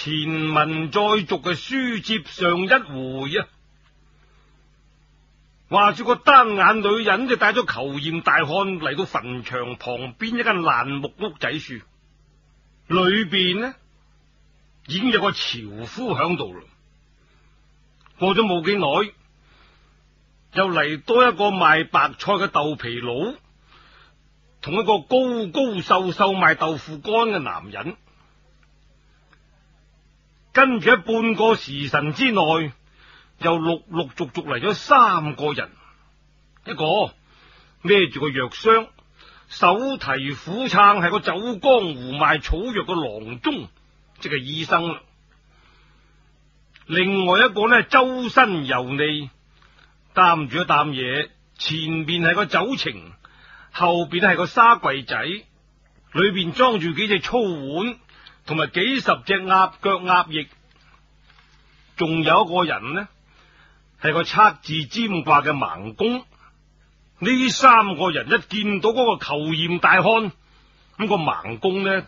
前文再續嘅書接上一回啊，話住個單眼女人就帶咗虬髯大漢嚟到墳場旁邊一間爛木屋仔處，裏邊呢已經有個樵夫響度啦。過咗冇幾耐，又嚟多一個賣白菜嘅豆皮佬，同一個高高瘦瘦賣豆腐乾嘅男人。跟住喺半個時辰之內，又陸陸續續嚟咗三個人，一個孭住個藥箱，手提虎撐，係個走江湖賣草藥嘅郎中，即係醫生。另外一個咧，周身油膩，擔住一擔嘢，前面係個酒埕，後邊係個沙櫃仔，裏邊裝住幾隻粗碗。同埋幾十隻鴨腳鴨翼，仲有一個人呢，係個測字尖掛嘅盲公。呢三個人一見到嗰個虬髯大漢，咁個盲公呢，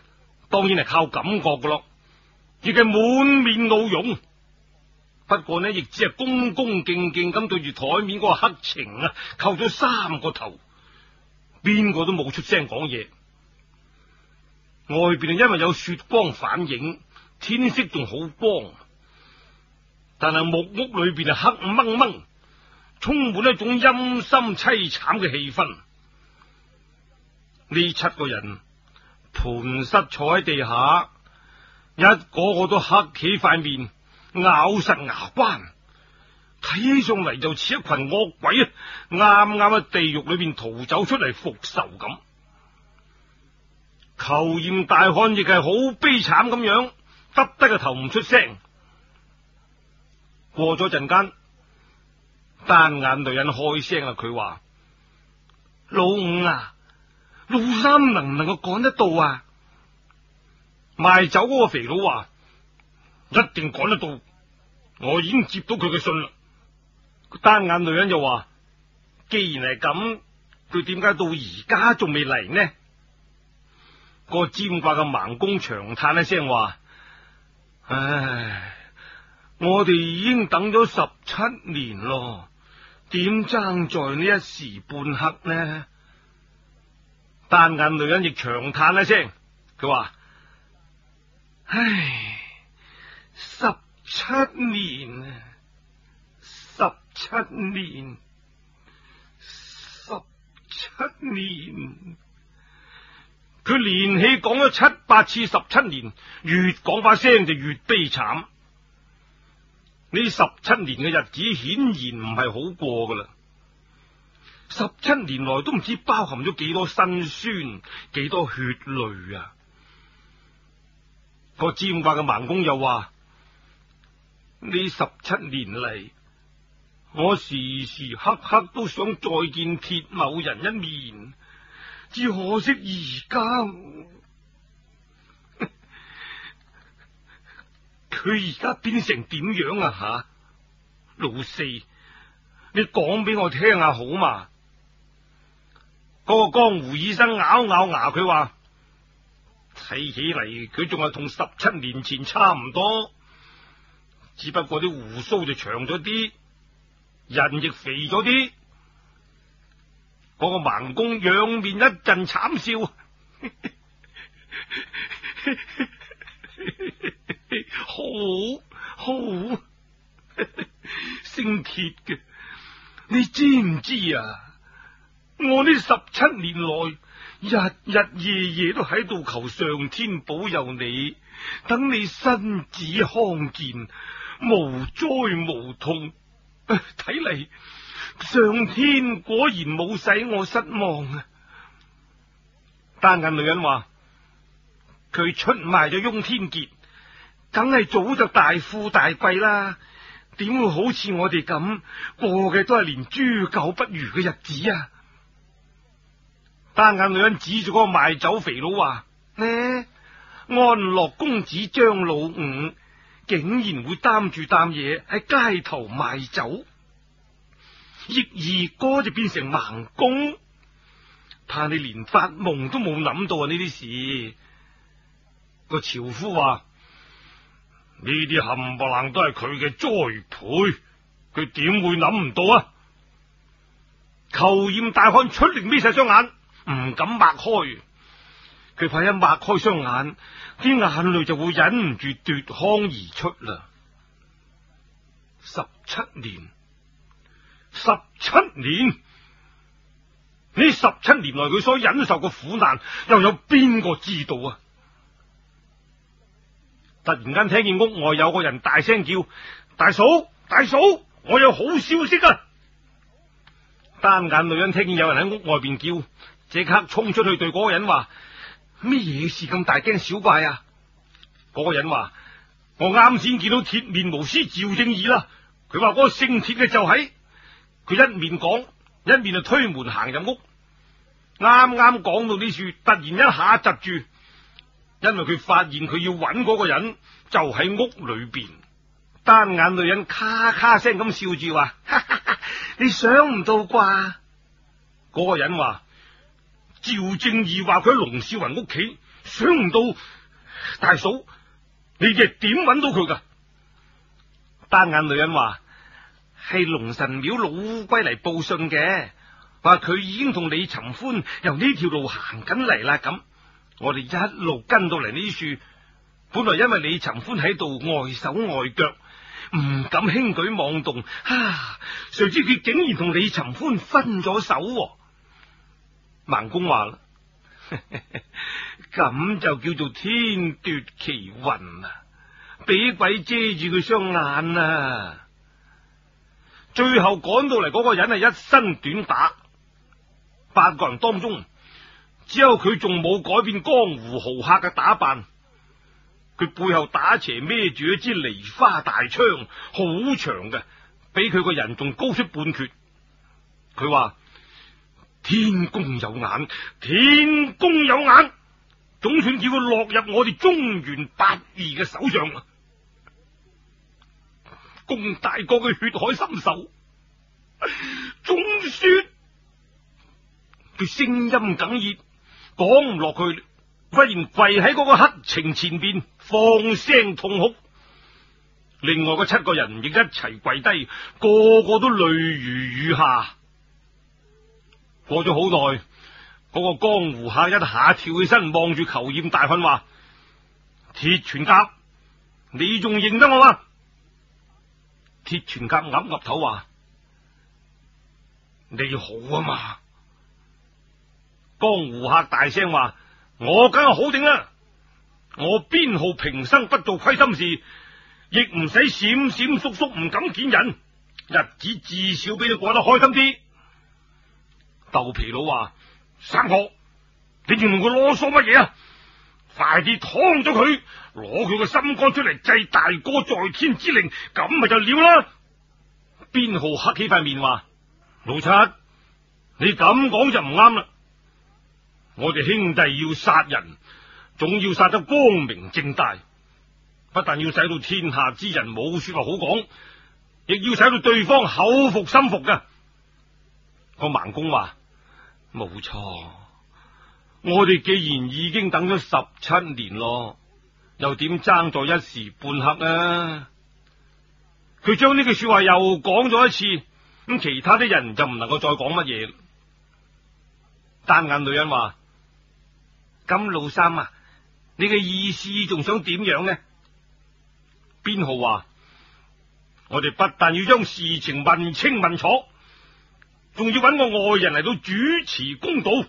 當然係靠感覺噶咯，亦係滿面怒容。不過呢，亦只係恭恭敬敬咁對住台面嗰個黑情啊，叩咗三個頭，邊個都冇出聲講嘢。外邊係因為有雪光反映，天色仲好光，但係木屋裏邊係黑蒙蒙，充滿一種陰森淒慘嘅氣氛。呢七個人盤膝坐喺地下，一個個都黑企塊面，咬實牙關，睇上嚟就似一群惡鬼啊！啱啱喺地獄裏邊逃走出嚟復仇咁。仇髯大漢亦係好悲慘咁樣，耷低個頭唔出聲。過咗陣間，單眼女人開聲啦，佢話：老五啊，老三能唔能夠趕得到啊？賣酒嗰個肥佬話：一定趕得到，我已經接到佢嘅信啦。個單眼女人又話：既然係咁，佢點解到而家仲未嚟呢？個尖掛嘅盲公長嘆一聲話：唉，我哋已經等咗十七年咯，點爭在呢一時半刻呢？單眼女人亦長嘆一聲，佢話：唉，十七年啊，十七年，十七年。十七年佢連氣講咗七八次，十七年越講把聲就越悲慘。呢十七年嘅日子顯然唔係好過噶啦，十七年來都唔知包含咗幾多辛酸、幾多血淚啊！個占卦嘅盲公又話：呢十七年嚟，我時時刻刻都想再見鐵某人一面。只可惜而家佢而家變成點樣啊？吓、啊，老四，你講俾我聽下好嘛？嗰個江湖醫生咬咬，咬牙，佢話睇起嚟佢仲係同十七年前差唔多，只不過啲鬍鬚就長咗啲，人亦肥咗啲。嗰個盲公仰面一陣慘笑，好 好，姓鐵嘅，你知唔知啊？我呢十七年來，日日夜夜都喺度求上天保佑你，等你身子康健，無災無痛，睇 嚟。上天果然冇使我失望啊！單眼女人話：佢出賣咗翁天杰，梗係早就大富大貴啦。點會好似我哋咁過嘅都係連豬狗不如嘅日子啊？單眼女人指住嗰個賣酒肥佬話：呢安樂公子張老五竟然會擔住擔嘢喺街頭賣酒。翼二哥就變成盲公，怕你連發夢都冇諗到啊！呢啲事，個樵夫話：呢啲冚唪唥都係佢嘅栽培，佢點會諗唔到啊？求焰大漢出力眯晒雙眼，唔敢擘開，佢怕一擘開雙眼，啲眼淚就會忍唔住奪眶而出啦。十七年。十七年，呢十七年來佢所忍受嘅苦難，又有邊個知道啊？突然間聽見屋外有個人大聲叫：大嫂，大嫂，我有好消息啊！單眼女人聽見有人喺屋外邊叫，即刻衝出去對嗰個人話：咩嘢事咁大驚小怪啊？嗰個人話：我啱先見到鐵面巫師趙正義啦，佢話嗰個姓鐵嘅就喺……」佢一面講，一面就推門行入屋。啱啱講到呢處，突然一下窒住，因為佢發現佢要揾嗰個人就喺屋裏邊。 單眼女人咔咔聲咁笑住話：你想唔到啩？嗰個人話：趙正義話佢喺龍少雲屋企，想唔到大嫂，你哋點揾到佢噶？單眼女人話。係龍神廟老烏龜嚟報信嘅，話佢已經同李尋歡由呢條路行緊嚟啦。咁我哋一路跟到嚟呢處，本來因為李尋歡喺度礙手礙腳，唔敢輕舉妄動。啊，誰知佢竟然同李尋歡分咗手，啊。盲公話啦，咁 就叫做天奪其雲啊！俾鬼遮住佢雙眼啊！最後趕到嚟嗰個人係一身短打，八個人當中只有佢仲冇改變江湖豪客嘅打扮。佢背後打斜孭住一支梨花大槍，好長嘅，比佢個人仲高出半截。佢話：天公有眼，天公有眼，總算叫佢落入我哋中原八義嘅手上公大哥嘅血海深仇，總算佢聲音哽咽講唔落去，忽然跪喺個黑情前邊放聲痛哭。另外嗰七個人亦一齊跪低，個個都淚如雨下。過咗好耐，嗰個江湖客一下跳起身，望住裘艷大漢話：鐵拳甲，你仲認得我嗎？鐵全甲岌岌頭話：你好啊嘛！江湖客大聲話：我梗係好定啦、啊！我邊號平生不做虧心事，亦唔使閃閃縮縮唔敢見人，日子至少比你過得開心啲。豆皮佬話：三哥，你仲同佢囉嗦乜嘢啊？快啲劏咗佢！攞佢個心肝出嚟祭大哥在天之靈，咁咪就了啦！邊浩黑起塊面話：老七，你咁講就唔啱啦！我哋兄弟要殺人，總要殺得光明正大，不但要使到天下之人冇說話好講，亦要使到對方口服心服嘅。個盲公話：冇錯，我哋既然已經等咗十七年咯。又點爭在一時半刻啊！佢將呢句說話又講咗一次，咁其他啲人就唔能夠再講乜嘢。單眼女人話：金老三啊，你嘅意思仲想點樣呢？編號話：我哋不但要將事情問清問楚，仲要揾個外人嚟到主持公道。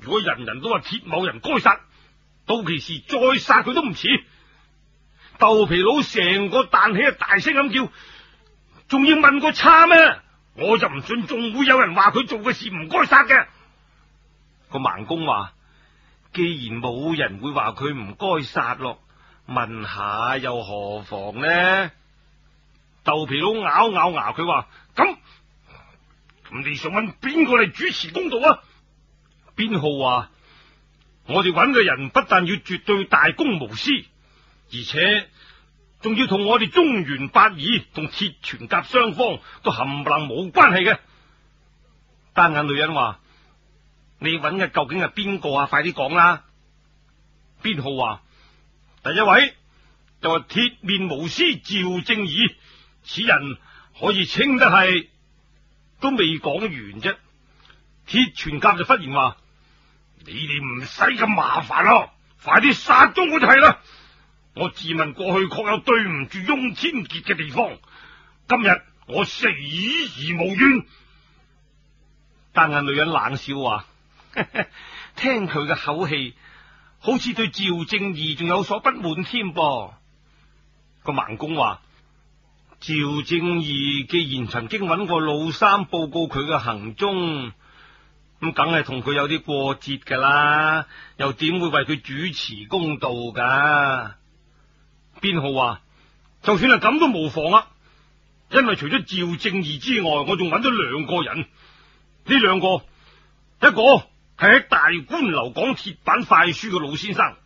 如果人人都話鐵某人該殺。到其時再殺佢都唔遲，豆皮佬成個彈起啊！大聲咁叫，仲要問個差咩？我就唔信仲會有人話佢做嘅事唔該殺嘅。個盲公話：既然冇人會話佢唔該殺咯，問下又何妨呢？豆皮佬咬咬牙，佢話：咁，咁，你想問邊個嚟主持公道啊？邊號話？我哋搵嘅人不但要絕對大公無私，而且仲要同我哋中原八義同鐵傳甲雙方都冚唪唥冇關係嘅。單眼女人話：你搵嘅究竟係邊個啊？快啲講啦！邊號話：第一位就係鐵面無私趙正義，此人可以稱得係，都未講完啫。鐵傳甲就忽然話。你哋唔使咁麻煩咯，快啲殺咗我就係啦！我自問過去確有對唔住翁千杰嘅地方，今日我死而無怨。單眼女人冷笑話，聽佢嘅口氣，好似對趙正義仲有所不滿添噃。個盲公話：趙正義既然曾經揾過老三報告佢嘅行蹤。咁梗係同佢有啲過節噶啦，又點會為佢主持公道噶？邊浩話：就算係咁都無妨啦，因為除咗趙正義之外，我仲揾咗兩個人。呢兩個，一個係喺大官樓講鐵板快書嘅老先生，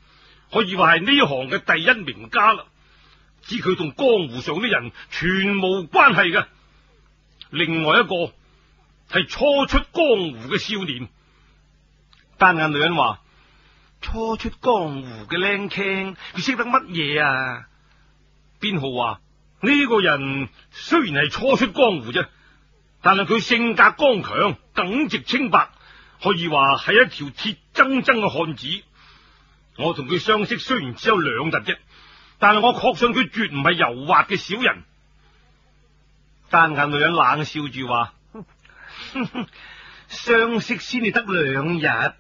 可以話係呢行嘅第一名家啦。指佢同江湖上啲人全無關係嘅。另外一個。係初出江湖嘅少年，單眼女人話：初出江湖嘅僆聽，佢識得乜嘢啊？編浩話：呢、這個人雖然係初出江湖啫，但係佢性格剛強，耿直清白，可以話係一條鐵錚錚嘅漢子。我同佢相識雖然只有兩日啫，但係我確信佢絕唔係油滑嘅小人。單眼女人冷笑住話。哼哼， 相識先至得兩日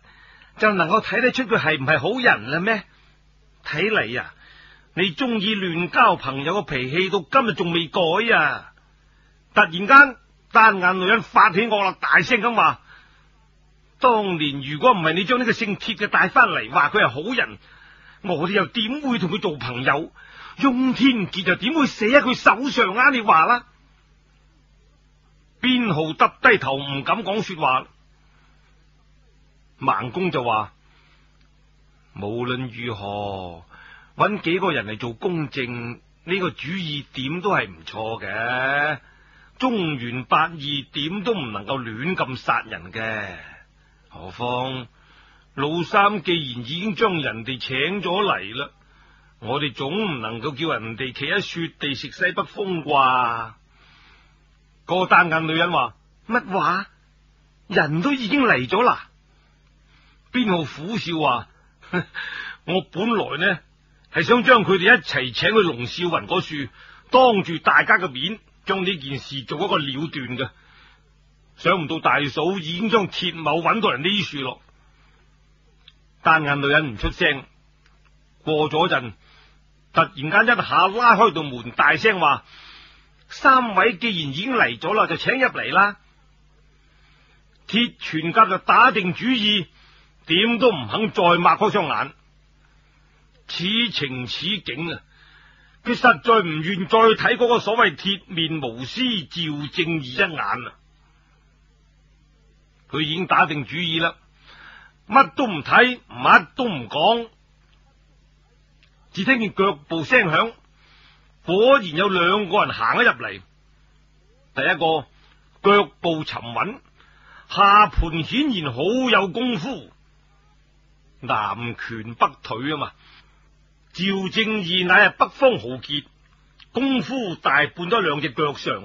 就能夠睇得出佢係唔係好人啦咩？睇嚟啊，你中意亂交朋友嘅脾氣到今日仲未改啊！突然間，單眼女人發起惡啦，大聲咁話：當年如果唔係你將呢個姓鐵嘅帶翻嚟，話佢係好人，我哋又點會同佢做朋友？雍天傑就點會死喺佢手上啊？你話啦。編號耷低頭唔敢講說話，孟公就話：無論如何，揾幾個人嚟做公證，呢個主意點都係唔錯嘅。中原八義點都唔能夠亂咁殺人嘅，何況老三既然已經將人哋請咗嚟啦，我哋總唔能夠叫人哋企喺雪地食西北風啩。個單眼女人話：乜話？人都已經嚟咗啦。邊個苦笑話： 我本來呢係想將佢哋一齊請去龍少雲嗰處，當住大家嘅，面，將呢件事做一個了斷嘅。想唔到大嫂已經將鐵某揾到嚟呢處咯。單眼女人唔出聲。過咗一陣，突然間一下拉開道門，大聲話。三位既然已經嚟咗啦，就請入嚟啦。鐵傳甲就打定主意，點都唔肯再擘開雙眼。此情此景啊，佢實在唔願再睇嗰個所謂鐵面無私趙正義一眼啊！佢已經打定主意啦，乜都唔睇，乜都唔講，只聽見腳步聲響。果然有兩個人行咗入嚟，第一個腳步沉穩，下盤顯然好有功夫，南拳北腿啊嘛。趙正義乃係北方豪傑，功夫大半都喺兩隻腳上。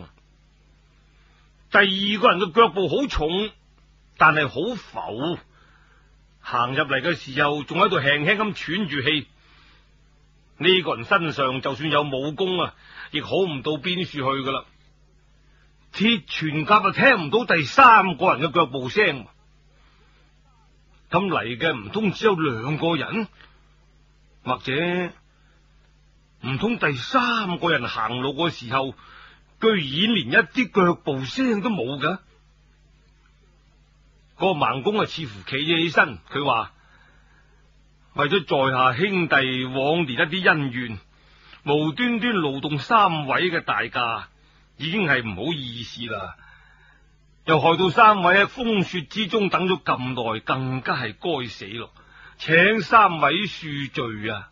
第二個人嘅腳步好重，但係好浮，行入嚟嘅時候仲喺度輕輕咁喘住氣。呢個人身上就算有武功啊，亦好唔到邊處去噶啦。鐵全甲啊，聽唔到第三個人嘅腳步聲。咁嚟嘅唔通只有兩個人，或者唔通第三個人行路嘅時候，居然連一啲腳步聲都冇嘅？嗰個盲公啊，似乎企咗起身，佢話。為咗在下兄弟往年一啲恩怨，無端端勞動三位嘅大駕，已經係唔好意思啦，又害到三位喺風雪之中等咗咁耐，更加係該死咯，請三位恕罪啊！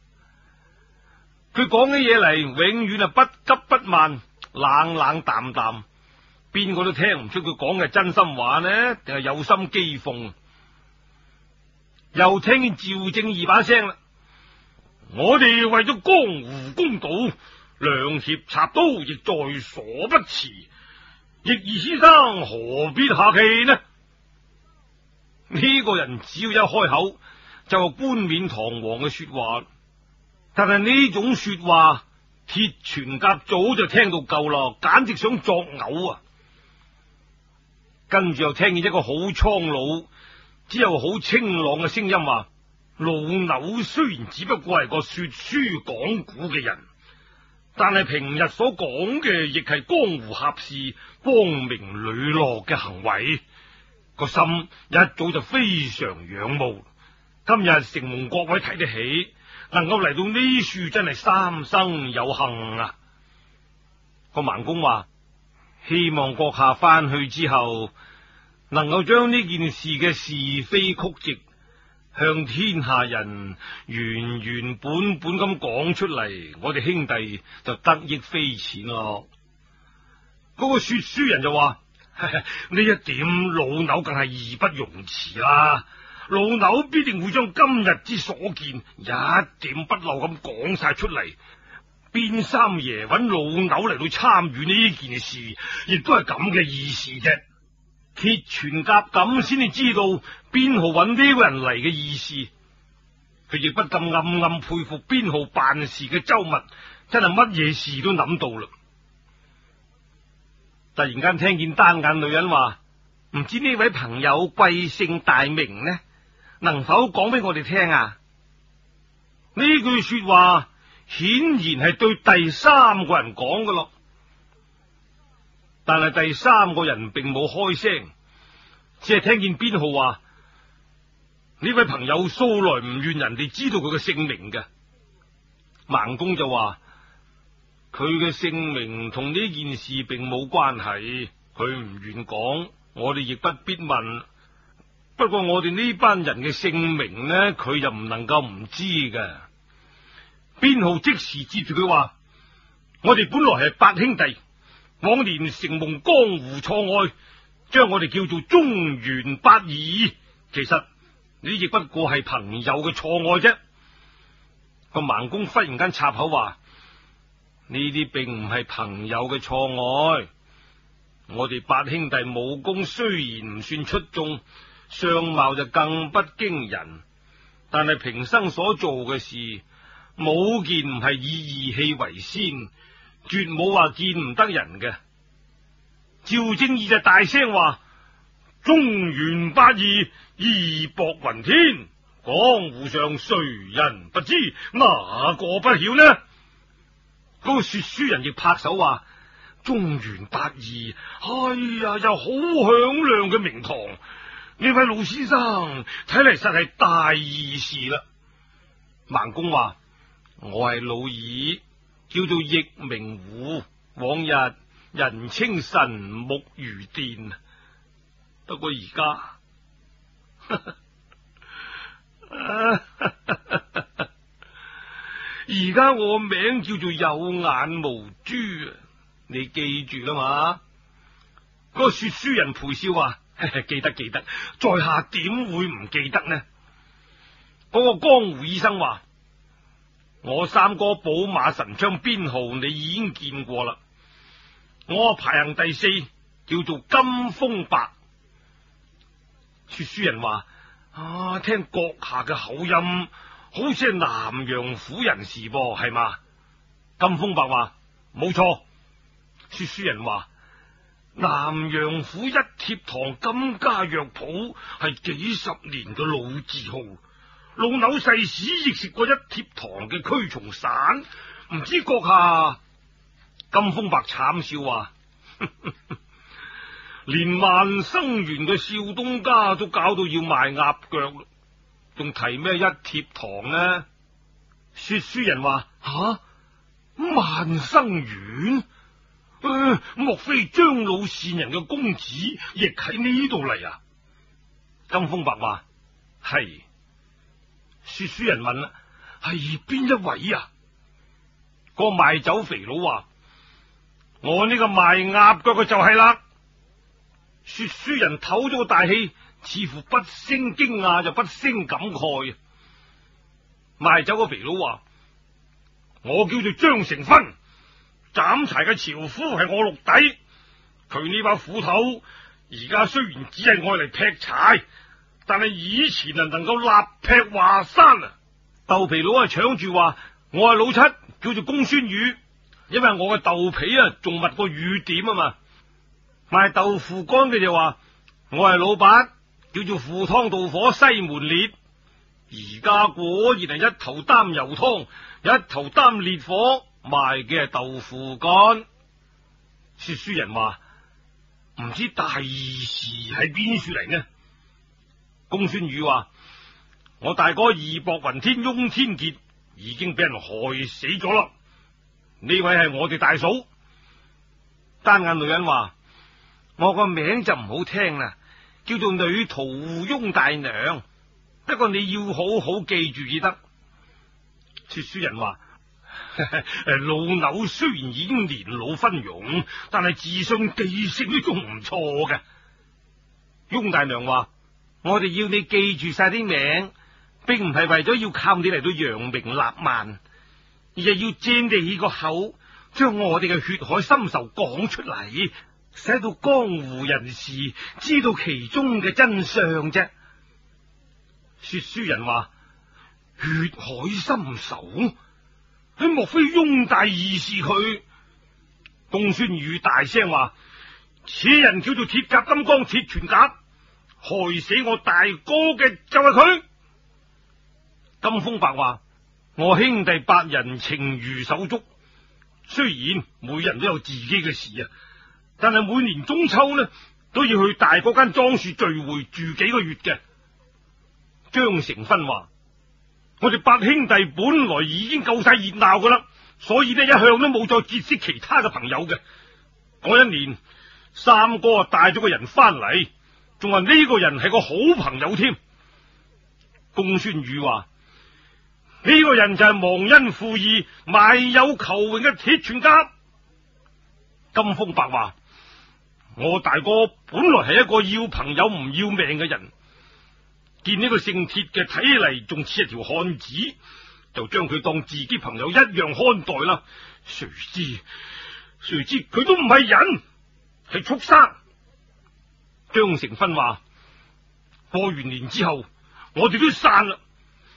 佢講嘅嘢嚟，永遠啊不急不慢，冷冷淡淡，邊個都聽唔出佢講嘅真心話呢？定係有心譏諷？又聽見趙正義把聲啦，我哋為咗江湖公道，兩脅插刀亦在所不辭，易二先生何必客氣呢？呢個人只要一開口就係冠冕堂皇嘅說話，但係呢種說話，鐵傳甲早就聽到夠啦，簡直想作嘔啊！跟住又聽見一個好蒼老。只有好清朗嘅聲音話、啊：老朽雖然只不過係個說書講古嘅人，但係平日所講嘅亦係江湖俠士、光明磊落嘅行為。個心一早就非常仰慕。今日承蒙各位睇得起，能夠嚟到呢處，真係三生有幸啊！個盲公話：希望閣下翻去之後。能夠將呢件事嘅是非曲直向天下人原原本本咁講出嚟，我哋兄弟就得益非淺咯。嗰、那個說書人就話，呢一點老朽梗係義不容辭啦，老朽必定會將今日之所見一點不漏咁講晒出嚟。邊三爺揾老朽嚟到參與呢件事，亦都係咁嘅意思啫。鐵傳甲咁先至知道邊號揾呢個人嚟嘅意思，佢亦不禁暗暗佩服邊號辦事嘅周密，真係乜嘢事都諗到啦。突然間聽見單眼女人話：唔知呢位朋友貴姓大名呢？能否講俾我哋聽啊？呢句說話顯然係對第三個人講㗎咯。但係第三個人並冇開聲，只係聽見編號話：呢位朋友素來唔願人哋知道佢嘅姓名嘅。孟公就話：佢嘅姓名同呢件事並冇關係，佢唔願講，我哋亦不必問。不過我哋呢班人嘅姓名呢，佢又唔能夠唔知嘅。編號即時接住佢話：我哋本來係八兄弟。往年承蒙江湖錯愛，將我哋叫做中原八義。其實你亦不過係朋友嘅錯愛啫。個盲公忽然間插口話：呢啲並唔係朋友嘅錯愛。我哋八兄弟武功雖然唔算出眾，相貌就更不驚人。但係平生所做嘅事，冇件唔係以義氣為先。絕冇話見唔得人嘅，趙正義就大聲話：中原八義，義薄雲天，江湖上誰人不知？哪個不曉呢？嗰個說書人亦拍手話：中原八義，哎呀，又好響亮嘅名堂。呢位老先生，睇嚟實係大義士啦。孟公話：我係老二。叫做易明湖，往日人稱神木如電，不過而家，而 家、啊、 我名叫做有眼無珠啊！你記住啦嘛，嗰個說書人陪笑話， 記得記得，在下點會唔記得呢？嗰、嗰個江湖醫生話。我三哥寶馬神槍編號你已經見過啦，我排行第四，叫做金風伯。說書人話：啊，聽閣下嘅口音，好似係南陽府人士噃，係嘛？金風伯話冇錯。說書人話：南陽府一貼堂金家藥鋪係幾十年嘅老字號。老扭世屎亦食過一貼堂嘅驅蟲散，唔知閣下。金風白慘笑話，呵呵，連萬生園嘅少東家都搞到要賣鴨腳，仲提咩一貼堂呢？說書人話：吓、啊，萬生園、呃，莫非張老善人嘅公子亦喺呢度嚟啊？金風白話：係。說書人問啦：係、哎、邊一位啊？那個賣酒肥佬話：我呢個賣鴨腳嘅就係啦。說書人唞咗個大氣，似乎不聲驚訝就不聲感慨。賣酒個肥佬話：我叫做張成坤，斬柴嘅樵夫係我六弟。佢呢把斧頭，而家雖然只係愛嚟劈柴。但係以前啊，能夠立劈華山啊，豆皮佬啊搶住話我係老七，叫做公孫羽，因為我嘅豆皮啊仲密過雨點啊嘛。賣豆腐乾嘅就話我係老八，叫做赴湯蹈火西門烈。而家果然係一頭擔油湯，一頭擔烈火，賣嘅係豆腐乾。說書人話，唔知大事士喺邊處嚟呢？公孫羽話：我大哥義薄雲天，翁天傑已經俾人害死咗啦。呢位係我哋大嫂。單眼女人話：我個名就唔好聽啦，叫做女徒翁大娘。不過你要好好記住，至得。說書人話： 老朽雖然已經年老昏庸，但係智商記性都仲唔錯嘅。翁大娘話。我哋要你記住晒啲名，並唔係為咗要靠你嚟到揚名立萬，而係要地起個口，將我哋嘅血海深仇講出嚟，使到江湖人士知道其中嘅真相啫。說書人話：血海深仇，佢莫非擁戴義士佢？公孫宇大聲話：此人叫做鐵甲金剛鐵傳甲。害死我大哥嘅就係佢。金風伯話：我兄弟八人情如手足，雖然每人都有自己嘅事啊，但係每年中秋呢都要去大嗰間莊樹聚會住幾個月嘅。張成坤話：我哋八兄弟本來已經夠晒熱鬧噶啦，所以呢一向都冇再結識其他嘅朋友嘅。嗰一年，三哥啊帶咗個人翻嚟。仲話呢個人係個好朋友添，公孫宇話呢個人就係忘恩負義、賣友求榮嘅鐵傳甲。金風白話：我大哥本來係一個要朋友唔要命嘅人，見呢個姓鐵嘅睇嚟，仲似一條漢子，就將佢當自己朋友一樣看待啦。誰知誰知佢都唔係人，係畜生。張成芬話：過完年之後，我哋都散啦。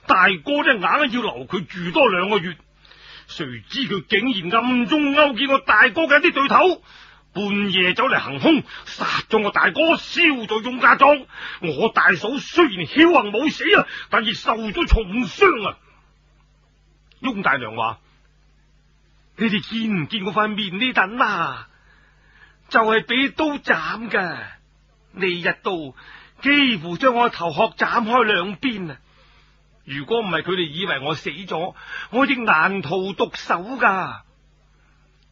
大哥呢硬要留佢住多兩個月，誰知佢竟然暗中勾結我大哥嘅一啲對頭，半夜走嚟行凶，殺咗我大哥，燒咗翁家莊。我大嫂雖然僥幸冇死啊，但亦受咗重傷啊。翁大娘話：你哋見唔見我塊面呢？等啊，就係、是、俾刀斬嘅。呢一刀幾乎將我頭殼斬開兩邊啊！如果唔係佢哋以為我死咗，我亦難逃毒手噶。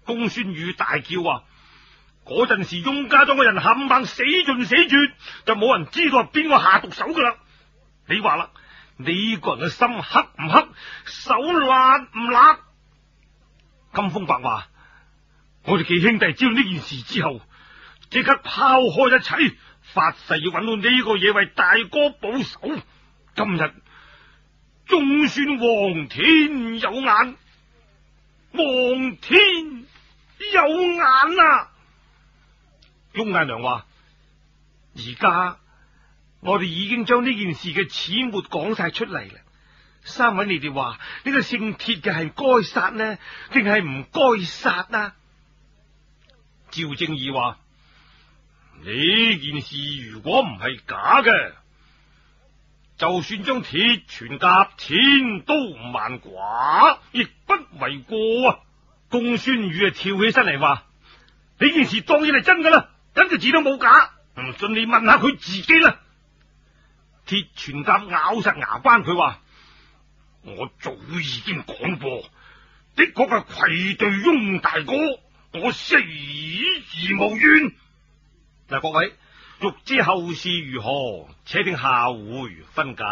公孫羽大叫啊！嗰陣時翁家莊嘅人冚唪唥死盡死絕，就冇人知道係邊個下毒手噶啦。你話啦，你個人嘅心黑唔黑，手辣唔辣？金風白話：我哋幾兄弟知道呢件事之後，即刻拋開一切。發誓要揾到呢個嘢為大哥保守，今日總算皇天有眼，皇天有眼啊！翁大娘話：而家我哋已經將呢件事嘅始末講晒出嚟啦。三位你哋話呢個姓鐵嘅係該殺呢，定係唔該殺啊？趙正義話。呢件事如果唔係假嘅，就算將鐵傳甲千刀萬剮亦不為過啊！公孫羽就跳起身嚟話：呢件事當然係真噶啦，一個字都冇假。唔信你問下佢自己啦。鐵傳甲咬實牙關，佢話：我早已經講過，的確係愧對翁大哥，我死而無怨。嗱，各位，欲知後事如何，且聽下回分解。